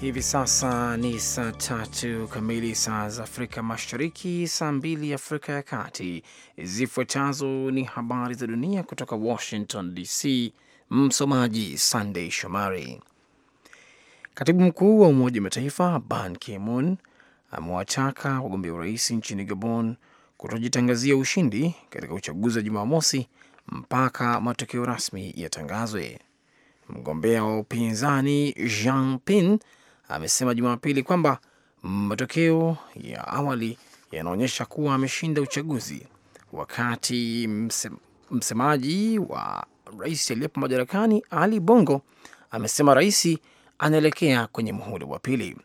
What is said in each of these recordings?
Hivi sasa ni saa tatu kamili saa za Afrika Mashariki, saa mbili Afrika ya Kati. Zifuatazo ni habari za dunia kutoka Washington DC. Msomaji Sandey Shomari. Katibu mkuu wa Umoja wa Mataifa Ban Ki-moon amewataka wagombea urais nchini Gabon kutojitangazia ushindi katika uchaguzi wa Jumamosi mpaka matokeo rasmi yatangazwe. Mgombea wa upinzani Jean Pin amesema Jumapili kwamba matokeo ya awali yanaonyesha kuwa ameshinda uchaguzi, wakati mse, msemaji wa rais aliyepo madarakani Ali Bongo amesema rais anaelekea kwenye muhula wa pili.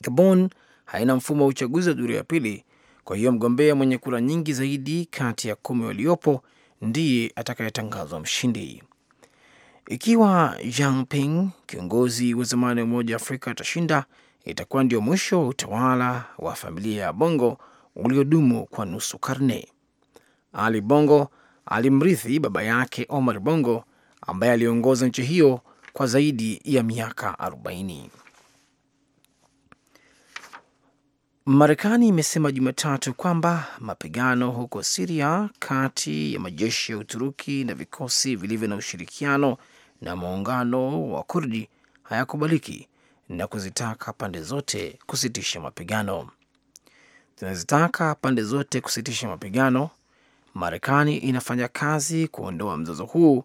Gabon haina mfumo wa uchaguzi wa duru ya pili, kwa hiyo mgombea mwenye kura nyingi zaidi kati ya kumi waliopo ndiye atakayetangazwa mshindi. Ikiwa Jinping, kiongozi wa zamani wa Umoja wa Afrika, atashinda, itakuwa ndio mwisho wa utawala wa familia ya Bongo uliodumu kwa nusu karne. Ali Bongo alimrithi baba yake Omar Bongo ambaye aliongoza nchi hiyo kwa zaidi ya miaka 40. Marekani imesema Jumatatu kwamba mapigano huko Siria kati ya majeshi ya Uturuki na vikosi vilivyo na ushirikiano na muungano wa Kurdi hayakubaliki na kuzitaka pande zote kusitisha mapigano. Tunazitaka pande zote kusitisha mapigano. Marekani inafanya kazi kuondoa mzozo huu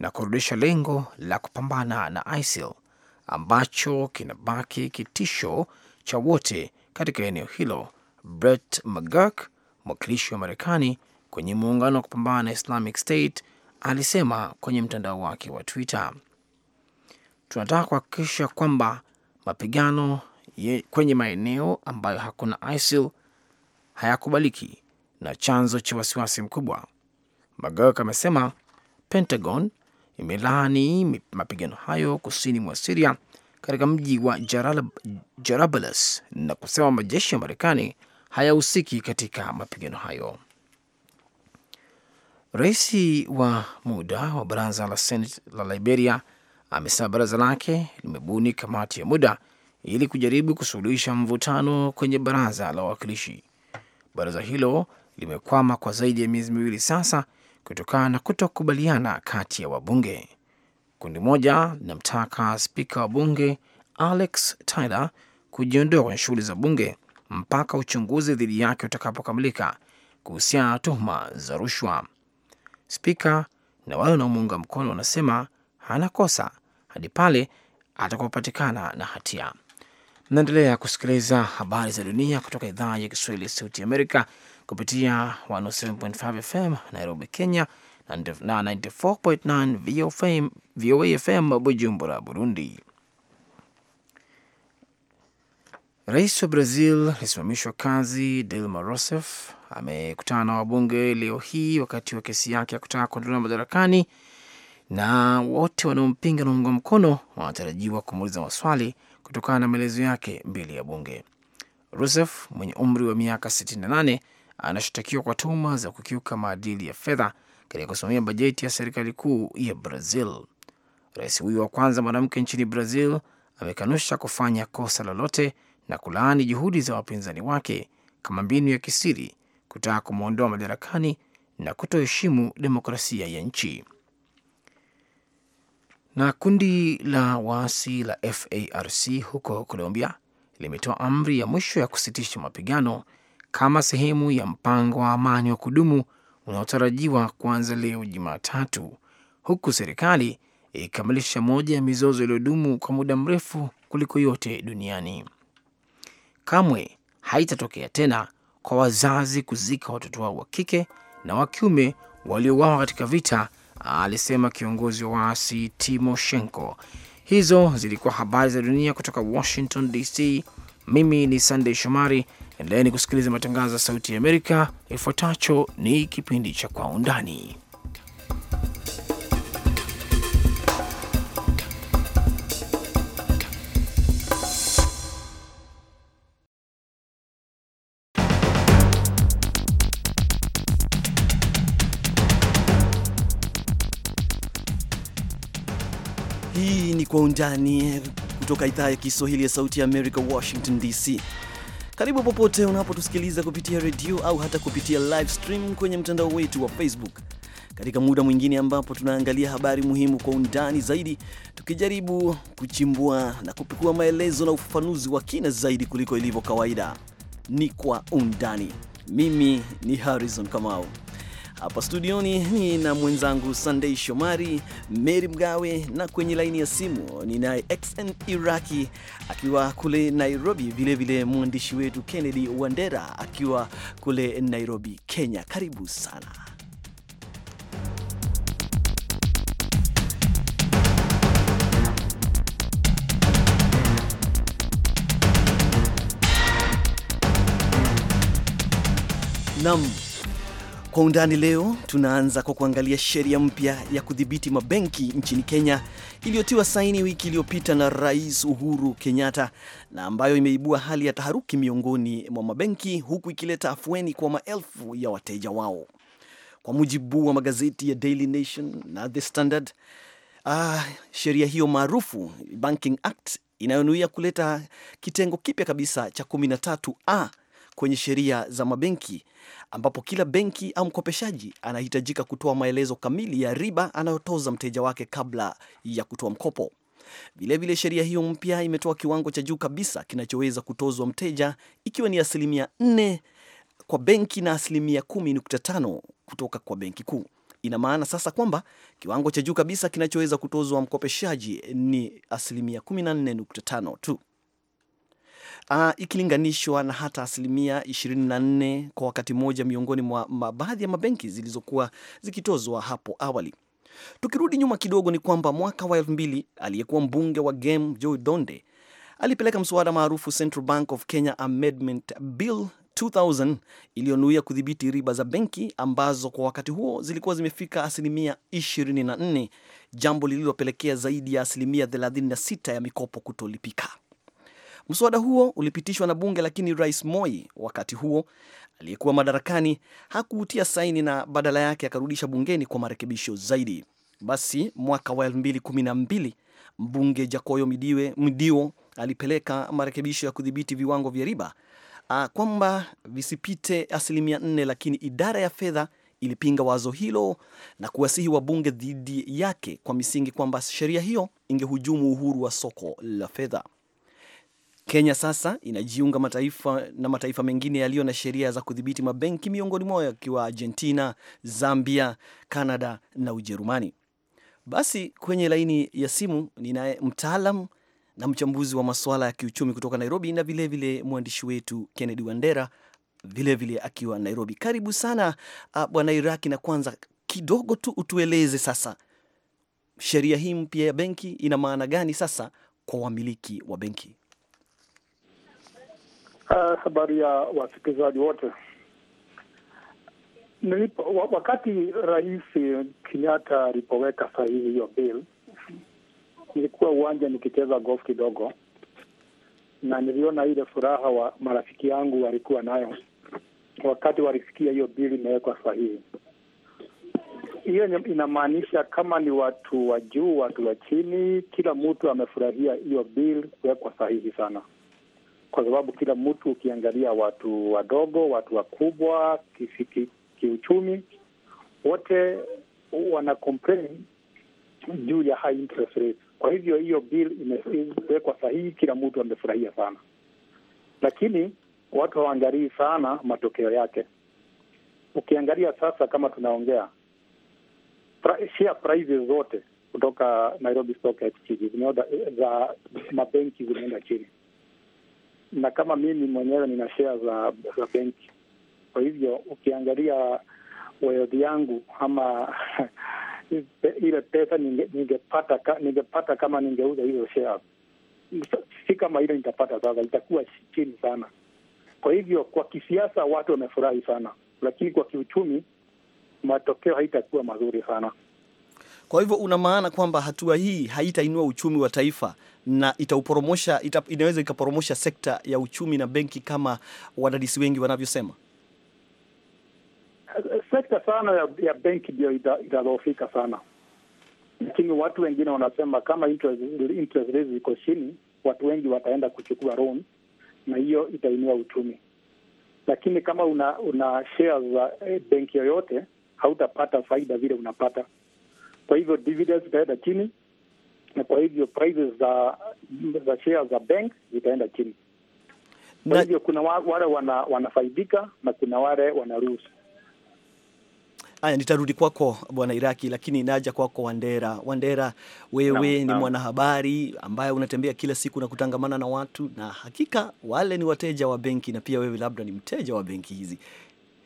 na kurudisha lengo la kupambana na ISIL ambacho kinabaki kitisho cha wote katika eneo hilo. Brett McGurk, mwakilishi wa Marekani kwenye muungano wa kupambana na Islamic State alisema kwenye mtandao wake wa Twitter. Tunataka kuhakikisha kwamba mapigano ye, kwenye maeneo ambayo hakuna ISIL hayakubaliki na chanzo cha wasiwasi mkubwa, Magok amesema. Pentagon imelaani mapigano hayo kusini mwa Siria katika mji wa Jarablus na kusema majeshi ya Marekani hayahusiki katika mapigano hayo. Rais wa muda wa baraza la Senate la Liberia amesema baraza lake limebuni kamati ya muda ili kujaribu kusuluhisha mvutano kwenye baraza la wawakilishi. Baraza hilo limekwama kwa zaidi ya miezi miwili sasa kutokana na kutokubaliana kati ya wabunge. Kundi moja linamtaka spika wa bunge Alex Tyler kujiondoa kwenye shughuli za bunge mpaka uchunguzi dhidi yake utakapokamilika kuhusiana na tuhuma za rushwa spika na wale wanaomuunga mkono wanasema hana kosa hadi pale atakapopatikana na hatia. Mnaendelea kusikiliza habari za dunia kutoka idhaa ya Kiswahili ya Sauti Amerika kupitia 107.5 FM Nairobi, Kenya na 94.9 VOA FM Bujumbura, Burundi. Rais wa Brazil alisimamishwa kazi Dilma Rousseff amekutana na wabunge leo hii wakati wa kesi yake ya kutaka kuondolewa madarakani, na wote wanaompinga na unga mkono wanatarajiwa kumuuliza maswali kutokana na maelezo yake mbele ya bunge. Rousseff mwenye umri wa miaka 68 anashtakiwa kwa tuhuma za kukiuka maadili ya fedha katika kusimamia bajeti ya serikali kuu ya Brazil. Rais huyo wa kwanza mwanamke nchini Brazil amekanusha kufanya kosa lolote na kulaani juhudi za wapinzani wake kama mbinu ya kisiri kutaka kumwondoa madarakani na kutoheshimu demokrasia ya nchi. Na kundi la waasi la FARC huko Colombia limetoa amri ya mwisho ya kusitisha mapigano kama sehemu ya mpango wa amani wa kudumu unaotarajiwa kuanza leo Jumatatu, huku serikali ikikamilisha moja ya mizozo iliyodumu kwa muda mrefu kuliko yote duniani kamwe haitatokea tena kwa wazazi kuzika watoto wao wa kike na wa kiume waliouawa katika vita, alisema kiongozi wa waasi Timoshenko. Hizo zilikuwa habari za dunia kutoka Washington DC. Mimi ni Sandey Shomari. Endeleni kusikiliza matangazo ya Sauti ya Amerika. Ifuatacho ni kipindi cha Kwa Undani. kwa undani eh, kutoka idhaa ya Kiswahili ya Sauti ya Amerika, Washington DC. Karibu popote unapotusikiliza kupitia redio au hata kupitia live stream kwenye mtandao wetu wa Facebook katika muda mwingine ambapo tunaangalia habari muhimu kwa undani zaidi, tukijaribu kuchimbua na kupekua maelezo na ufafanuzi wa kina zaidi kuliko ilivyo kawaida. Ni kwa undani. Mimi ni Harrison Kamau. Hapa studioni ni na mwenzangu Sunday Shomari, Mary Mgawe, na kwenye laini ya simu ni naye Xn Iraki akiwa kule Nairobi, vilevile mwandishi wetu Kennedy Wandera akiwa kule Nairobi, Kenya. Karibu sana. Nam kwa undani leo tunaanza kwa kuangalia sheria mpya ya kudhibiti mabenki nchini Kenya iliyotiwa saini wiki iliyopita na Rais Uhuru Kenyatta na ambayo imeibua hali ya taharuki miongoni mwa mabenki huku ikileta afueni kwa maelfu ya wateja wao. Kwa mujibu wa magazeti ya Daily Nation na The Standard, ah, sheria hiyo maarufu Banking Act inayonuia kuleta kitengo kipya kabisa cha 13A kwenye sheria za mabenki ambapo kila benki au mkopeshaji anahitajika kutoa maelezo kamili ya riba anayotoza mteja wake kabla ya kutoa mkopo. Vilevile, sheria hiyo mpya imetoa kiwango cha juu kabisa kinachoweza kutozwa mteja ikiwa ni asilimia 4 kwa benki na asilimia 10.5 kutoka kwa benki kuu. Ina maana sasa kwamba kiwango cha juu kabisa kinachoweza kutozwa mkopeshaji ni asilimia 14.5 tu uh, ikilinganishwa na hata asilimia 24 kwa wakati mmoja miongoni mwa baadhi ya mabenki zilizokuwa zikitozwa hapo awali. Tukirudi nyuma kidogo, ni kwamba mwaka wa 2000 aliyekuwa mbunge wa Game Joe Donde alipeleka mswada maarufu Central Bank of Kenya Amendment Bill 2000 iliyonuia kudhibiti riba za benki ambazo kwa wakati huo zilikuwa zimefika asilimia 24, jambo lililopelekea zaidi ya asilimia 36 ya mikopo kutolipika. Mswada huo ulipitishwa na bunge, lakini Rais Moi wakati huo aliyekuwa madarakani hakuutia saini na badala yake akarudisha bungeni kwa marekebisho zaidi. Basi mwaka wa 212 mbunge Jakoyo Midiwe, Mdio alipeleka marekebisho ya kudhibiti viwango vya riba kwamba visipite asilimia nne, lakini idara ya fedha ilipinga wazo hilo na kuwasihi wabunge dhidi yake kwa misingi kwamba sheria hiyo ingehujumu uhuru wa soko la fedha. Kenya sasa inajiunga mataifa na mataifa mengine yaliyo na sheria za kudhibiti mabenki, miongoni mwao yakiwa Argentina, Zambia, Canada na Ujerumani. Basi kwenye laini ya simu ninaye mtaalam na mchambuzi wa masuala ya kiuchumi kutoka Nairobi na vilevile mwandishi wetu Kennedy Wandera vilevile akiwa Nairobi. Karibu sana bwana Iraki, na kwanza kidogo tu utueleze sasa sheria hii mpya ya benki ina maana gani sasa kwa wamiliki wa benki? Uh, habari ya wasikilizaji wote. Nilipo, wakati Rais Kenyatta alipoweka sahihi hiyo bill, nilikuwa uwanja nikicheza golf kidogo, na niliona ile furaha wa marafiki yangu walikuwa nayo wakati walisikia hiyo bill imewekwa sahihi. Hiyo inamaanisha kama ni watu wa juu, watu wa chini, kila mtu amefurahia hiyo bill kuwekwa sahihi sana kwa sababu kila mtu ukiangalia, watu wadogo, watu wakubwa, kiuchumi, wote wana complain juu ya high interest Kwa hivyo hiyo bill imewekwa sahihi, kila mtu amefurahia sana, lakini watu hawaangalii sana matokeo yake. Ukiangalia sasa, kama tunaongea share prices zote kutoka Nairobi Stock Exchange za mabenki zimeenda chini na kama mimi mwenyewe nina shea za, za benki. Kwa hivyo ukiangalia weodhi yangu ama ile pesa ningepata ningepata kama ningeuza hizo shea, si kama ile nitapata sasa, itakuwa chini sana. Kwa hivyo kwa kisiasa watu wamefurahi sana, lakini kwa kiuchumi matokeo haitakuwa mazuri sana. Kwa hivyo una maana kwamba hatua hii haitainua uchumi wa taifa na itauporomosha, ita, inaweza ikaporomosha sekta ya uchumi na benki kama wadadisi wengi wanavyosema. Eh, sekta sana ya, ya benki ndio itadhoofika sana, lakini watu wengine wanasema kama interest, rates ziko chini, watu wengi wataenda kuchukua loan na hiyo itainua uchumi, lakini kama una, una shares za eh, benki yoyote hautapata faida vile unapata kwa hivyo dividends zitaenda chini, na kwa hivyo prices za za shares za bank zitaenda chini. Kwa hivyo kuna wale wana, wanafaidika na kuna wale wanaruhusu. aya nitarudi kwako bwana Iraki, lakini naja kwako Wandera. Wandera, wewe no, ni mwanahabari ambaye unatembea kila siku na kutangamana na watu, na hakika wale ni wateja wa benki na pia wewe labda ni mteja wa benki hizi.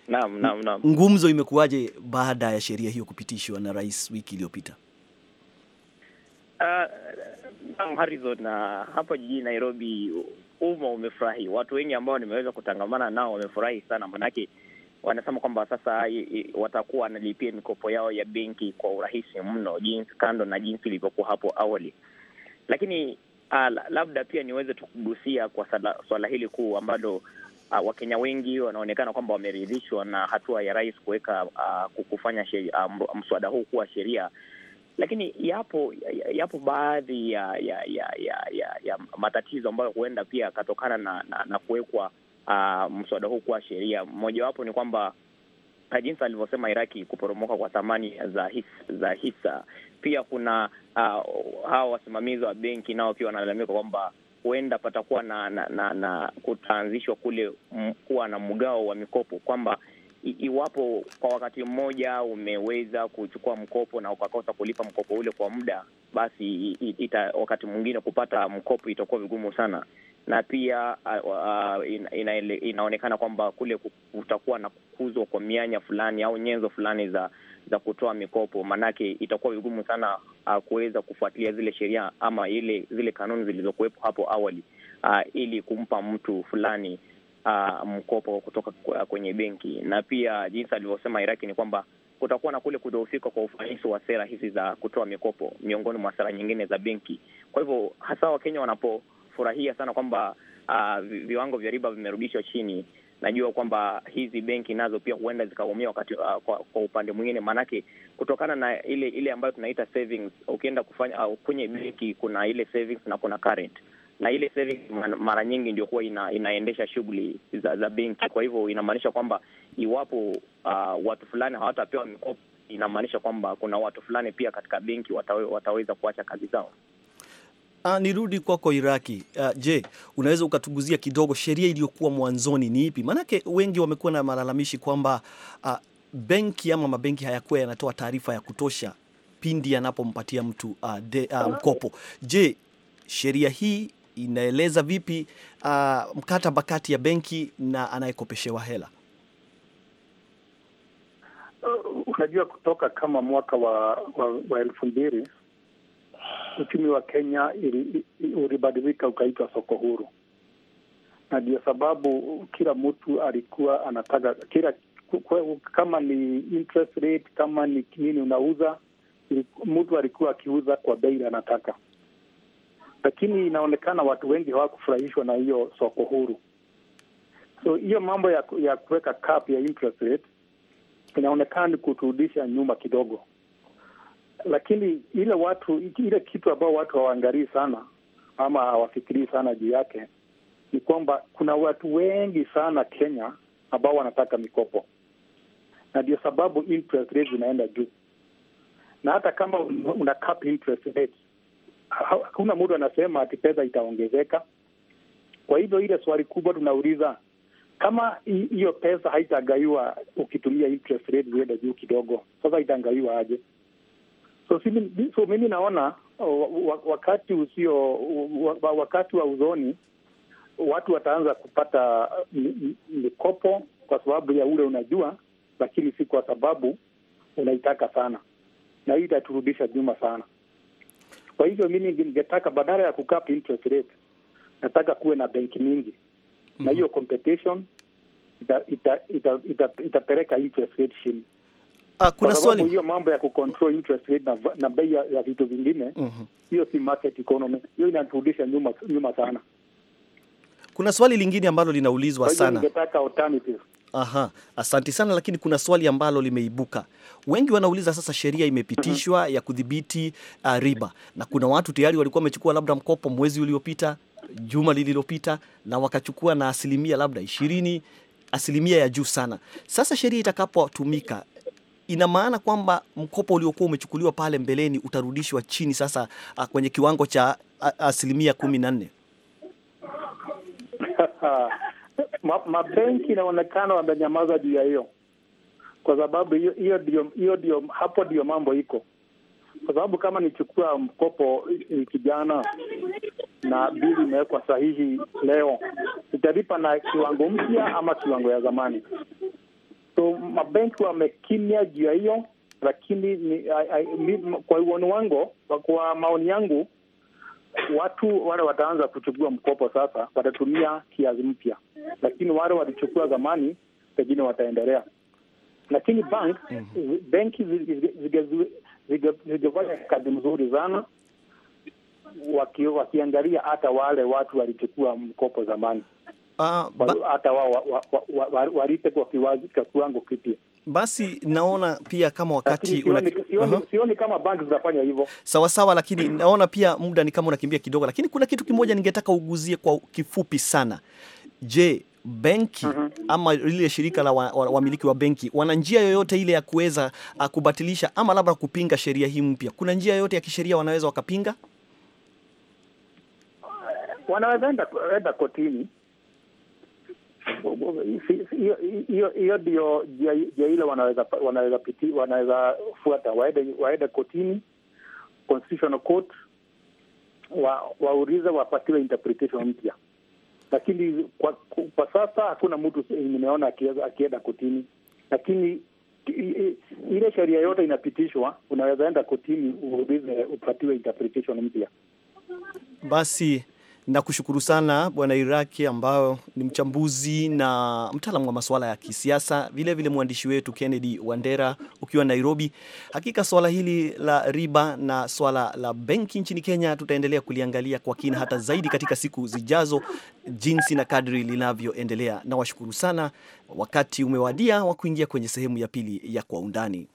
Naam, naam, naam. Ngumzo imekuwaje baada ya sheria hiyo kupitishwa na rais wiki iliyopita? Uh, Harrison, na hapa jijini Nairobi umma umefurahi. Watu wengi ambao nimeweza kutangamana nao wamefurahi sana, manake wanasema kwamba sasa i, i, watakuwa wanalipia mikopo yao ya benki kwa urahisi mno, jinsi kando na jinsi ilivyokuwa hapo awali. Lakini uh, labda pia niweze tukugusia kwa swala hili kuu ambalo uh, Wakenya wengi wanaonekana kwamba wameridhishwa na hatua ya rais kuweka uh, kufanya uh, mswada huu kuwa sheria, lakini yapo yapo baadhi ya ya, ya, ya, ya, ya matatizo ambayo huenda pia akatokana na, na, na kuwekwa uh, mswada huu kuwa sheria. Mojawapo ni kwamba jinsi alivyosema Iraki, kuporomoka kwa thamani za hisa, za hisa. Pia kuna uh, hawa wasimamizi wa benki nao pia wanalalamika kwamba huenda patakuwa na, na, na, na kutaanzishwa kule kuwa na mgao wa mikopo kwamba iwapo kwa wakati mmoja umeweza kuchukua mkopo na ukakosa kulipa mkopo ule kwa muda, basi ita, wakati mwingine kupata mkopo itakuwa vigumu sana, na pia uh, ina, ina, inaonekana kwamba kule kutakuwa na kukuzwa kwa mianya fulani au nyenzo fulani za za kutoa mikopo, maanake itakuwa vigumu sana uh, kuweza kufuatilia zile sheria ama ile zile kanuni zilizokuwepo hapo awali uh, ili kumpa mtu fulani uh, mkopo kutoka kwenye benki. Na pia jinsi alivyosema Iraki ni kwamba kutakuwa na kule kudhoofika kwa ufanisi wa sera hizi za kutoa mikopo miongoni mwa sera nyingine za benki. Kwa hivyo hasa Wakenya wanapofurahia sana kwamba uh, viwango vya riba vimerudishwa chini najua kwamba hizi benki nazo pia huenda zikaumia wakati uh, kwa, kwa upande mwingine, maanake kutokana na ile ile ambayo tunaita savings, ukienda kufanya uh, kwenye benki kuna ile savings na kuna current na ile savings mara nyingi ndio huwa ina, inaendesha shughuli za, za benki. Kwa hivyo inamaanisha kwamba iwapo uh, watu fulani hawatapewa mikopo, inamaanisha kwamba kuna watu fulani pia katika benki watawe, wataweza kuacha kazi zao. Uh, nirudi kwako Iraki. Uh, je, unaweza ukatuguzia kidogo sheria iliyokuwa mwanzoni ni ipi? Maanake wengi wamekuwa na malalamishi kwamba uh, benki ama mabenki hayakuwa yanatoa taarifa ya kutosha pindi yanapompatia mtu uh, de, uh, mkopo. Je, sheria hii inaeleza vipi uh, mkataba kati ya benki na anayekopeshewa hela? Uh, unajua, kutoka kama mwaka wa, wa, wa elfu mbili uchumi wa Kenya ulibadilika ukaitwa soko huru, na ndio sababu kila mtu alikuwa anataka kila kama ni interest rate, kama ni nini unauza, mtu alikuwa akiuza kwa bei anataka, lakini inaonekana watu wengi hawakufurahishwa na hiyo soko huru. So hiyo mambo ya ya kuweka cap ya interest rate inaonekana ni kuturudisha nyuma kidogo lakini ile watu ile kitu ambao watu hawaangalii sana ama hawafikirii sana juu yake ni kwamba kuna watu wengi sana Kenya ambao wanataka mikopo, na ndio sababu interest rate zinaenda juu, na hata kama una cap interest rate, hakuna mtu anasema ati pesa itaongezeka. Kwa hivyo ile swali kubwa tunauliza kama hiyo pesa haitagaiwa ukitumia interest rate zienda juu kidogo, sasa itangaiwa aje? So, so mimi naona uh, wakati usio wakati wa uzoni watu wataanza kupata uh, mikopo kwa sababu ya ule unajua, lakini si kwa sababu unaitaka sana, na hii itaturudisha nyuma sana. Kwa hivyo mimi ningetaka badala ya kukaa interest rate, nataka kuwe na benki mingi mm -hmm. na mhm. hiyo competition itapeleka ita, ita, ita, ita chini. Ah, kuna swali hiyo mambo ya kucontrol interest rate na, na bei ya, ya vitu vingine mhm. hiyo mm -hmm. si market economy hiyo inaturudisha nyuma, nyuma sana. Kuna swali lingine ambalo linaulizwa sana, ningetaka alternative. Aha, asanti sana lakini kuna swali ambalo limeibuka. Wengi wanauliza sasa, sheria imepitishwa ya kudhibiti uh, riba na kuna watu tayari walikuwa wamechukua labda mkopo mwezi uliopita, juma lililopita, na wakachukua na asilimia labda ishirini asilimia ya juu sana. Sasa sheria itakapotumika ina maana kwamba mkopo uliokuwa umechukuliwa pale mbeleni utarudishwa chini sasa ah, kwenye kiwango cha ah, asilimia kumi na nne. Mabenki inaonekana wamenyamaza juu ya hiyo, kwa sababu hiyo ndio hiyo ndio hapo ndio mambo iko, kwa sababu kama nichukua mkopo kijana na bili imewekwa sahihi leo, nitalipa na kiwango mpya ama kiwango ya zamani? So mabenki wamekimia juu ya hiyo, lakini ni, I, I, kwa uoni wangu, kwa maoni yangu, watu wale wataanza kuchukua mkopo sasa, watatumia kiasi mpya, lakini wale walichukua zamani pengine wataendelea. Lakini bank mm -hmm. benki zingefanya kazi mzuri sana waki, wakiangalia hata wale watu walichukua mkopo zamani. Ah, hata wao walipe kwa kiwango kipya. Basi naona pia kama wakati sioni, sioni, uh -huh. sioni kama banki zinafanya hivyo sawa sawa, lakini naona pia muda ni kama unakimbia kidogo, lakini kuna kitu kimoja ningetaka uguzie kwa kifupi sana. Je, benki uh mhm. -huh. ama lile shirika la wamiliki wa, wa, wa benki wana njia yoyote ile ya kuweza ah, kubatilisha ama labda kupinga sheria hii mpya? Kuna njia yoyote ya kisheria wanaweza wakapinga? Wanaweza enda kotini hiyo ndio jia ile wanaweza wanaweza piti, wanaweza fuata waende waende kotini constitutional court wa- waulize wapatiwe interpretation mpya, lakini kwa, kwa sasa hakuna mtu nimeona akienda kotini. Lakini ile sheria yote inapitishwa, unawezaenda kotini uulize upatiwe interpretation mpya. Basi na kushukuru sana Bwana Iraki, ambao ni mchambuzi na mtaalamu wa masuala ya kisiasa, vilevile mwandishi wetu Kennedy Wandera ukiwa Nairobi. Hakika swala hili la riba na swala la benki nchini Kenya tutaendelea kuliangalia kwa kina hata zaidi katika siku zijazo, jinsi na kadri linavyoendelea. Nawashukuru sana, wakati umewadia wa kuingia kwenye sehemu ya pili ya Kwa Undani.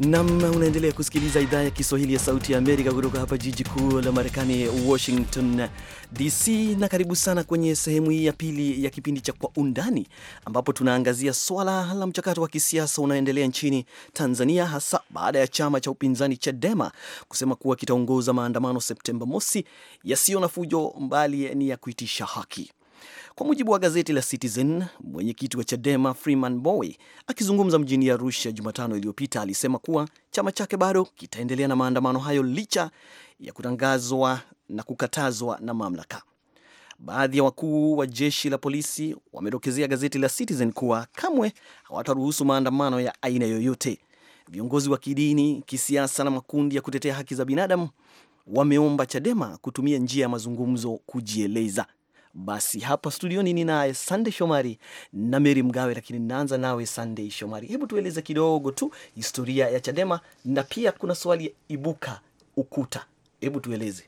Nam, unaendelea kusikiliza idhaa ya Kiswahili ya Sauti ya Amerika kutoka hapa jiji kuu la Marekani, Washington DC, na karibu sana kwenye sehemu hii ya pili ya kipindi cha Kwa Undani, ambapo tunaangazia swala la mchakato wa kisiasa unaoendelea nchini Tanzania, hasa baada ya chama cha upinzani Chadema kusema kuwa kitaongoza maandamano Septemba mosi yasiyo na fujo, mbali ni ya kuitisha haki. Kwa mujibu wa gazeti la Citizen, mwenyekiti wa Chadema Freeman Mbowe akizungumza mjini Arusha Jumatano iliyopita alisema kuwa chama chake bado kitaendelea na maandamano hayo licha ya kutangazwa na kukatazwa na mamlaka. Baadhi ya wakuu wa jeshi la polisi wamedokezea gazeti la Citizen kuwa kamwe hawataruhusu maandamano ya aina yoyote. Viongozi wa kidini, kisiasa na makundi ya kutetea haki za binadamu wameomba Chadema kutumia njia ya mazungumzo kujieleza. Basi hapa studioni ni naye Sandey Shomari na Meri Mgawe, lakini naanza nawe Sandey Shomari, hebu tueleze kidogo tu historia ya Chadema na pia kuna swali ibuka ukuta, hebu tueleze.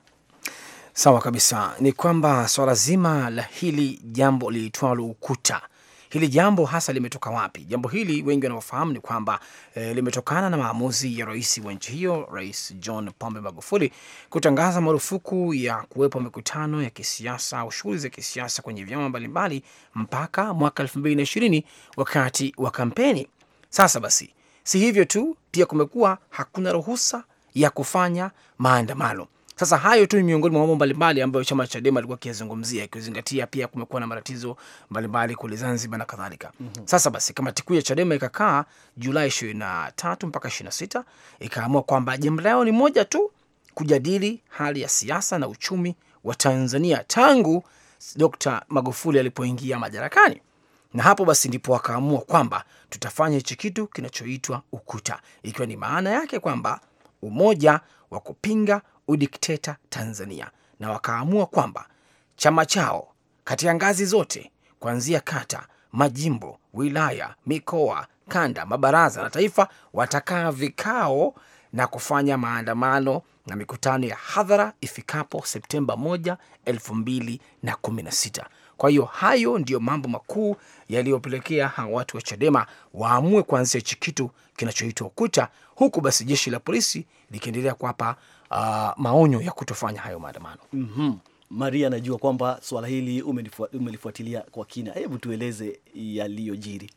Sawa kabisa, ni kwamba swala zima la hili jambo liitwalo ukuta hili jambo hasa limetoka wapi? Jambo hili wengi wanaofahamu ni kwamba eh, limetokana na maamuzi ya rais wa nchi hiyo, Rais John Pombe Magufuli kutangaza marufuku ya kuwepo mikutano ya kisiasa au shughuli za kisiasa kwenye vyama mbalimbali mpaka mwaka elfu mbili na ishirini wakati wa kampeni. Sasa basi, si hivyo tu, pia kumekuwa hakuna ruhusa ya kufanya maandamano. Sasa hayo tu ni miongoni mwa mambo mbalimbali ambayo chama cha Chadema alikuwa akiyazungumzia, ikizingatia pia kumekuwa na matatizo mbalimbali kule Zanzibar na kadhalika. mm -hmm. Sasa basi kamati kuu ya Chadema ikakaa Julai ishirini na tatu mpaka ishirini na sita ikaamua kwamba jambo lao ni moja tu, kujadili hali ya siasa na uchumi wa Tanzania tangu Dr. Magufuli alipoingia madarakani na hapo basi ndipo wakaamua kwamba tutafanya hichi kitu kinachoitwa UKUTA, ikiwa ni maana yake kwamba umoja wa kupinga udikteta Tanzania, na wakaamua kwamba chama chao katika ngazi zote kuanzia kata, majimbo, wilaya, mikoa, kanda, mabaraza na taifa watakaa vikao na kufanya maandamano na mikutano ya hadhara ifikapo Septemba 1, 2016. Kwa hiyo hayo ndiyo mambo makuu yaliyopelekea hawa watu wa Chadema waamue kuanzia hichi kitu kinachoitwa Ukuta, huku basi jeshi la polisi likiendelea kuwapa uh, maonyo ya kutofanya hayo maandamano. mm -hmm. Maria, najua kwamba swala hili umelifuatilia kwa kina, hebu tueleze yaliyojiri.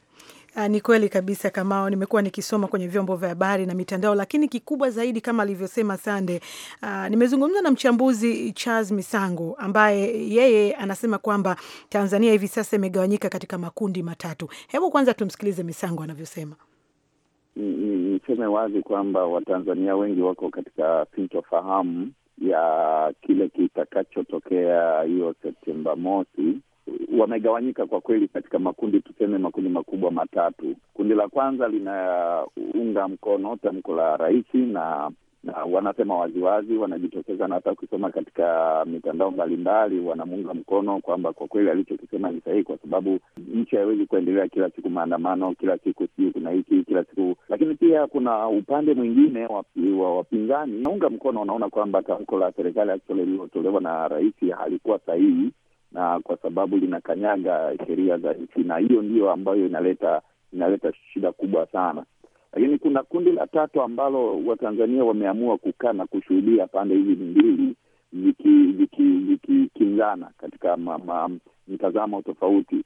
Ah, ni kweli kabisa Kamao, nimekuwa nikisoma kwenye vyombo vya habari na mitandao, lakini kikubwa zaidi kama alivyosema Sande, uh, nimezungumza na mchambuzi Charles Misango ambaye yeye anasema kwamba Tanzania hivi sasa imegawanyika katika makundi matatu. Hebu kwanza tumsikilize Misango anavyosema. Mm, mm niseme wazi kwamba Watanzania wengi wako katika sintofahamu ya kile kitakachotokea hiyo Septemba mosi. Wamegawanyika kwa kweli katika makundi, tuseme makundi makubwa matatu. Kundi la kwanza linaunga mkono tamko la rais na na wanasema waziwazi, wanajitokeza na hata ukisoma katika mitandao mbalimbali wanamuunga mkono kwamba kwa kweli alichokisema ni sahihi, kwa sababu nchi haiwezi kuendelea kila siku maandamano, kila siku sijui kuna hiki, kila siku. Lakini pia kuna upande mwingine wa wapinzani naunga mkono, wanaona kwamba tamko la serikali lililotolewa na rais halikuwa sahihi, na kwa sababu linakanyaga sheria za nchi, na hiyo ndiyo ambayo inaleta inaleta shida kubwa sana lakini kuna kundi la tatu ambalo Watanzania wameamua kukaa na kushuhudia pande hizi mbili zikikinzana ziki, ziki, katika mtazamo tofauti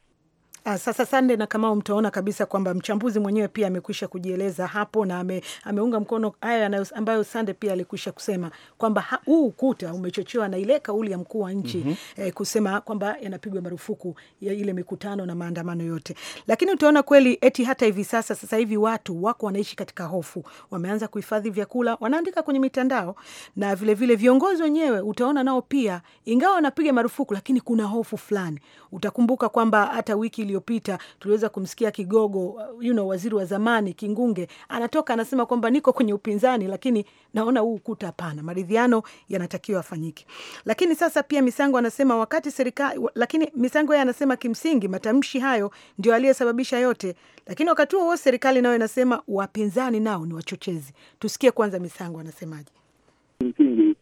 Ah, sasa Sande na kama mtaona kabisa kwamba mchambuzi mwenyewe pia amekwisha kujieleza hapo na ame, ameunga mkono haya ambayo Sande pia alikwisha kusema kwamba huu ukuta umechochewa na ile kauli ya mkuu wa nchi mm -hmm. eh, kusema kwamba yanapigwa marufuku ya ile mikutano na maandamano yote, lakini utaona kweli eti hata hivi sasa sasa hivi watu wako wanaishi katika hofu, wameanza kuhifadhi vyakula, wanaandika kwenye mitandao na vilevile vile viongozi wenyewe utaona nao pia, ingawa wanapiga marufuku, lakini kuna hofu fulani. Utakumbuka kwamba hata wiki iliyopita tuliweza kumsikia kigogo uh, you know, waziri wa zamani Kingunge anatoka anasema kwamba niko kwenye upinzani, lakini naona huu ukuta hapana, maridhiano yanatakiwa afanyike. Lakini sasa pia Misango anasema wakati serikali, lakini Misango yeye anasema kimsingi matamshi hayo ndio aliyesababisha yote, lakini wakati huo serikali nayo inasema wapinzani nao ni wachochezi. Tusikie kwanza Misango anasemaje. Kimsingi eh,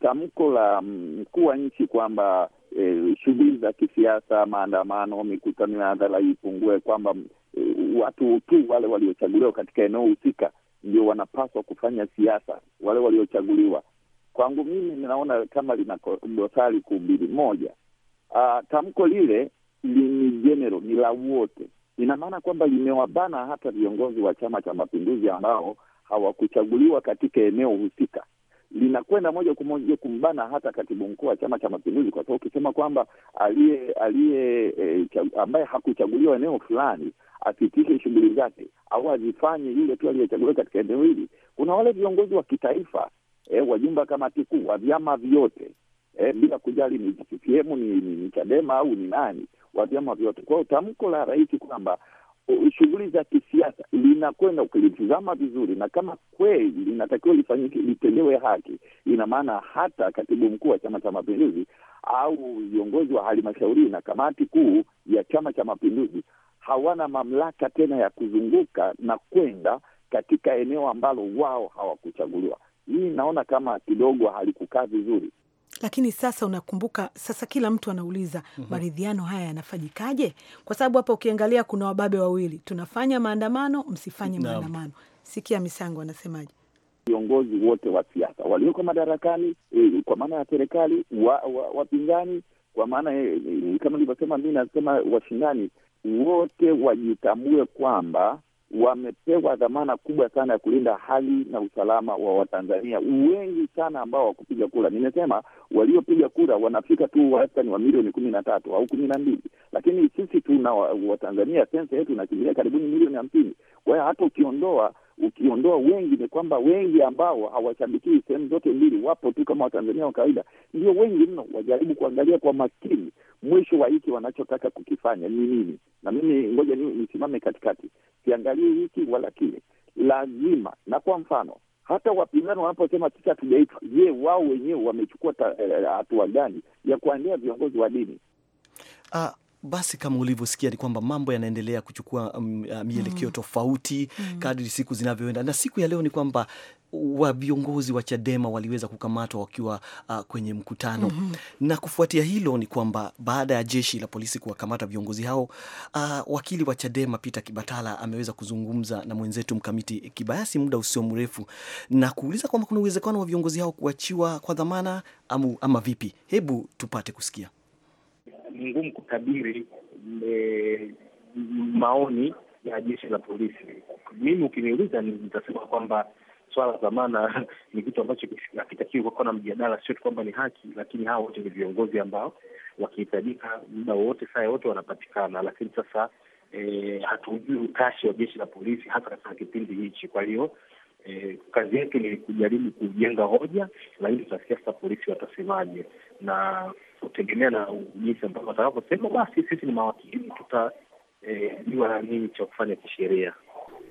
tamko la mm, mkuu wa nchi kwamba eh, shughuli za kisiasa, maandamano, mikutano ya hadhara ipungue, kwamba eh, watu tu wale waliochaguliwa katika eneo husika ndio wanapaswa kufanya siasa, wale waliochaguliwa. Kwangu mimi ninaona kama lina dosari kuu mbili. Moja, uh, tamko lile ni general, ni la wote. Ina maana kwamba limewabana hata viongozi wa Chama cha Mapinduzi ambao hawakuchaguliwa katika eneo husika linakwenda moja kwa moja kumbana hata katibu mkuu wa Chama cha Mapinduzi, kwa sababu ukisema kwamba aliye aliye e, ambaye hakuchaguliwa eneo fulani asitishe shughuli zake au azifanye yule tu aliyechaguliwa katika eneo hili, kuna wale viongozi wa kitaifa e, wajumbe wa kamati kuu wa vyama vyote e, bila kujali ni CCM ni, ni, ni Chadema au ni nani wa vyama vyote. Kwa hiyo tamko la rais kwamba shughuli za kisiasa linakwenda, ukilitizama vizuri, na kama kweli linatakiwa lifanyike, litendewe haki, ina maana hata katibu mkuu wa Chama cha Mapinduzi au viongozi wa halmashauri na kamati kuu ya Chama cha Mapinduzi hawana mamlaka tena ya kuzunguka na kwenda katika eneo ambalo wao hawakuchaguliwa. Hii naona kama kidogo halikukaa vizuri. Lakini sasa unakumbuka, sasa kila mtu anauliza mhm. maridhiano haya yanafanyikaje? Kwa sababu hapa ukiangalia kuna wababe wawili, tunafanya maandamano, msifanye maandamano. Sikia Misango anasemaje. Viongozi wote wa siasa walioko madarakani e, kwa maana ya serikali, wapinzani wa, wa kwa maana e, e kama nilivyosema, mi nasema washindani wote wajitambue kwamba wamepewa dhamana kubwa sana ya kulinda hali na usalama wa Watanzania wengi sana ambao wakupiga kura. Nimesema waliopiga kura wanafika tu wastani wa milioni kumi na tatu au kumi na mbili, lakini sisi tuna Watanzania, sensa yetu inakimbilia karibuni milioni hamsini. Kwa hiyo hata ukiondoa ukiondoa wengi, ni kwamba wengi ambao hawashabikii sehemu zote mbili, wapo tu kama Watanzania wa kawaida, ndio wengi mno. Wajaribu kuangalia kwa makini mwisho wa hiki wanachotaka kukifanya ni nini. Na mimi ngoja nisimame katikati, siangalie hiki wala kile, lazima na kwa mfano hata wapinzani wanaposema sisi hatujaitwa, je, wao wenyewe wamechukua eh, hatua gani ya kuandia viongozi wa dini? Ah, basi kama ulivyosikia ni kwamba mambo yanaendelea kuchukua um, uh, mielekeo um, tofauti mm. kadri siku zinavyoenda, na siku ya leo ni kwamba uh, wa viongozi wa Chadema waliweza kukamatwa wakiwa uh, kwenye mkutano mm -hmm. Na kufuatia hilo ni kwamba baada ya jeshi la polisi kuwakamata viongozi hao uh, wakili wa Chadema Peter Kibatala ameweza kuzungumza na mwenzetu Mkamiti Kibayasi muda usio mrefu na kuuliza kwamba kuna uwezekano wa viongozi hao kuachiwa kwa dhamana ama, ama vipi? Hebu tupate kusikia ngumu kutabiri e, maoni ya jeshi la polisi. Mimi ukiniuliza, nitasema kwamba swala la dhamana ni kitu ambacho hakitakiwi kuwa na mjadala, sio tu kwamba ni haki, lakini hawa wote ni viongozi ambao wakihitajika muda wowote, saa yote wanapatikana. Lakini sasa e, hatujui utashi wa jeshi la polisi hasa katika kipindi hichi, kwa hiyo e, kazi yetu ni kujaribu kujenga hoja, lakini tutasikia sasa polisi watasemaje, na kutegemea na jinsi ambavyo watakaposema, basi sisi ni mawakili tutajua e, nini cha kufanya kisheria.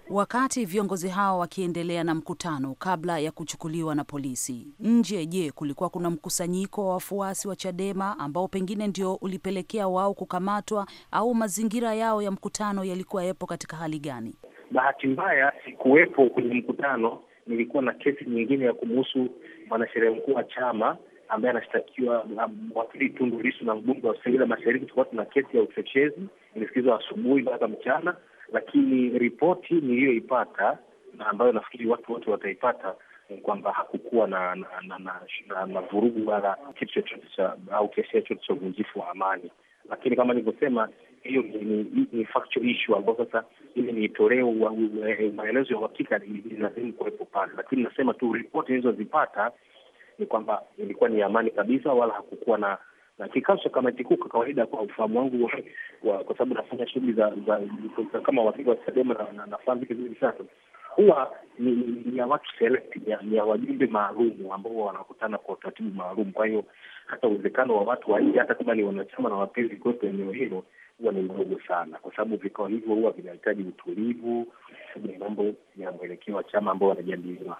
Wakati viongozi hao wakiendelea na mkutano kabla ya kuchukuliwa na polisi nje, je, kulikuwa kuna mkusanyiko wa wafuasi wa Chadema ambao pengine ndio ulipelekea wao kukamatwa au mazingira yao ya mkutano yalikuwa yapo katika hali gani? Bahati mbaya sikuwepo kwenye mkutano, nilikuwa na kesi nyingine ya kumuhusu mwanasheria mkuu wa chama ambaye anashtakiwa wakili Tundu Lissu na mbunge wa Singida Mashariki. Tulikuwa tuna kesi ya uchochezi ilisikilizwa asubuhi mpaka mchana, lakini ripoti niliyoipata na ambayo nafikiri watu wote wataipata ni kwamba hakukuwa na na mavurugu wala kitu chochote cha au kesi chochote cha uvunjifu wa amani, lakini kama nilivyosema, hiyo ni factual issue ambayo sasa ili toleo eh, maelezo ya uhakika, ilazimu kuwepo pale, lakini nasema tu ripoti nilizozipata ni kwamba ilikuwa ni amani kabisa, wala hakukuwa na na kikasha. Kamati kuu kwa kawaida, kwa ufahamu wangu, kwa sababu nafanya shughuli za kama wakili wa Chadema na nafahamu vitu vingi sana, huwa ni ya watu select, ni ya wajumbe maalum ambao wanakutana kwa utaratibu maalum. Kwa hiyo hata uwezekano wa watu wa nje, hata kama ni wanachama na wapenzi kuwepo eneo hilo, huwa ni mdogo sana, kwa sababu vikao hivyo huwa vinahitaji utulivu, ni mambo ya mwelekeo wa chama ambao wanajadiliwa.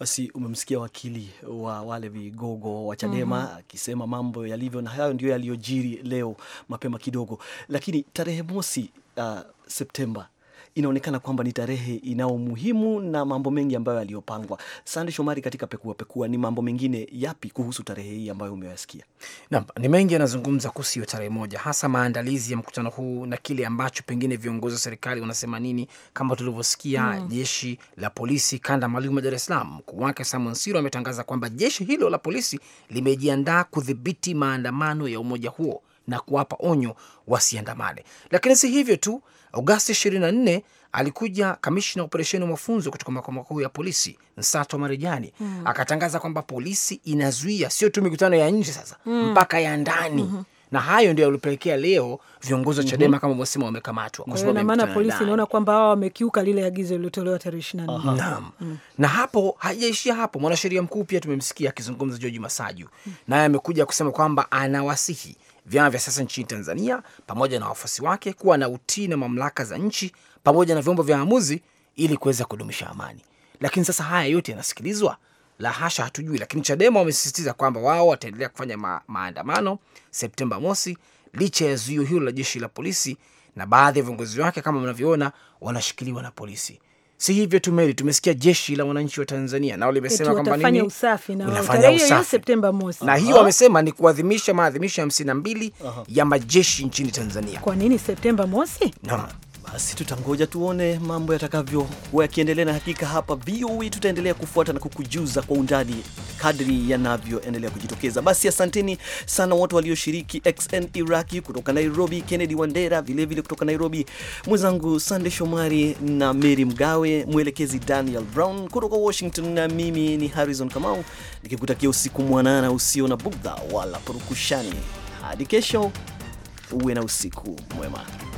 Basi umemsikia wakili wa wale vigogo wa Chadema mm -hmm. akisema mambo yalivyo, na hayo ndio yaliyojiri leo mapema kidogo, lakini tarehe mosi uh, Septemba inaonekana kwamba ni tarehe inao muhimu na mambo mengi ambayo yaliyopangwa. Sande Shomari, katika pekua pekua, ni mambo mengine yapi kuhusu tarehe hii ambayo umewasikia Naam, ni mengi yanazungumza kuhusu hiyo tarehe moja, hasa maandalizi ya mkutano huu na kile ambacho pengine viongozi wa serikali wanasema nini, kama tulivyosikia mm. jeshi la polisi kanda maalum ya Dar es Salaam, mkuu wake Samon Siro ametangaza kwamba jeshi hilo la polisi limejiandaa kudhibiti maandamano ya umoja huo na kuwapa onyo wasiandamane. Lakini si hivyo tu, Agosti 24 alikuja kamishna operesheni wa mafunzo kutoka makao makuu ya polisi Nsato Marejani mm. akatangaza kwamba polisi inazuia sio tu mikutano ya nje sasa mm. mpaka ya ndani mm -hmm na hayo ndio yalipelekea leo viongozi wa hmm. Chadema mm -hmm. kama mosema wamekamatwa kwa sababu maana polisi inaona kwamba hao wamekiuka lile agizo lililotolewa tarehe 24. Naam. Mm. Na hapo haijaishia hapo, mwanasheria mkuu pia tumemsikia akizungumza George Masaju mm. naye amekuja kusema kwamba anawasihi vyama vya siasa nchini Tanzania pamoja na wafuasi wake kuwa na utii na mamlaka za nchi pamoja na vyombo vya maamuzi ili kuweza kudumisha amani. Lakini sasa haya yote yanasikilizwa? La hasha, hatujui. Lakini Chadema wamesisitiza kwamba wao wataendelea kufanya ma maandamano Septemba mosi licha ya zuio hilo la jeshi la polisi, na baadhi ya viongozi wake kama mnavyoona wanashikiliwa na polisi si hivyo tu meli tumesikia jeshi la wananchi wa Tanzania nao limesema kwamba nini usafi na wanafanya usafi Septemba mosi, na hiyo wamesema ni kuadhimisha maadhimisho ya hamsini na mbili ya majeshi nchini Tanzania. Kwa nini Septemba mosi? no. Basi tutangoja tuone mambo yatakavyokuwa yakiendelea, na hakika hapa VOA e tutaendelea kufuata na kukujuza kwa undani kadri yanavyoendelea kujitokeza. Basi asanteni sana wote walioshiriki, XN Iraki kutoka Nairobi, Kennedy Wandera vilevile vile kutoka Nairobi, mwenzangu Sande Shomari na Mary Mgawe, mwelekezi Daniel Brown kutoka Washington, na mimi ni Harrison Kamau nikikutakia usiku mwanana usio na bugdha wala purukushani. Hadi kesho, uwe na usiku mwema.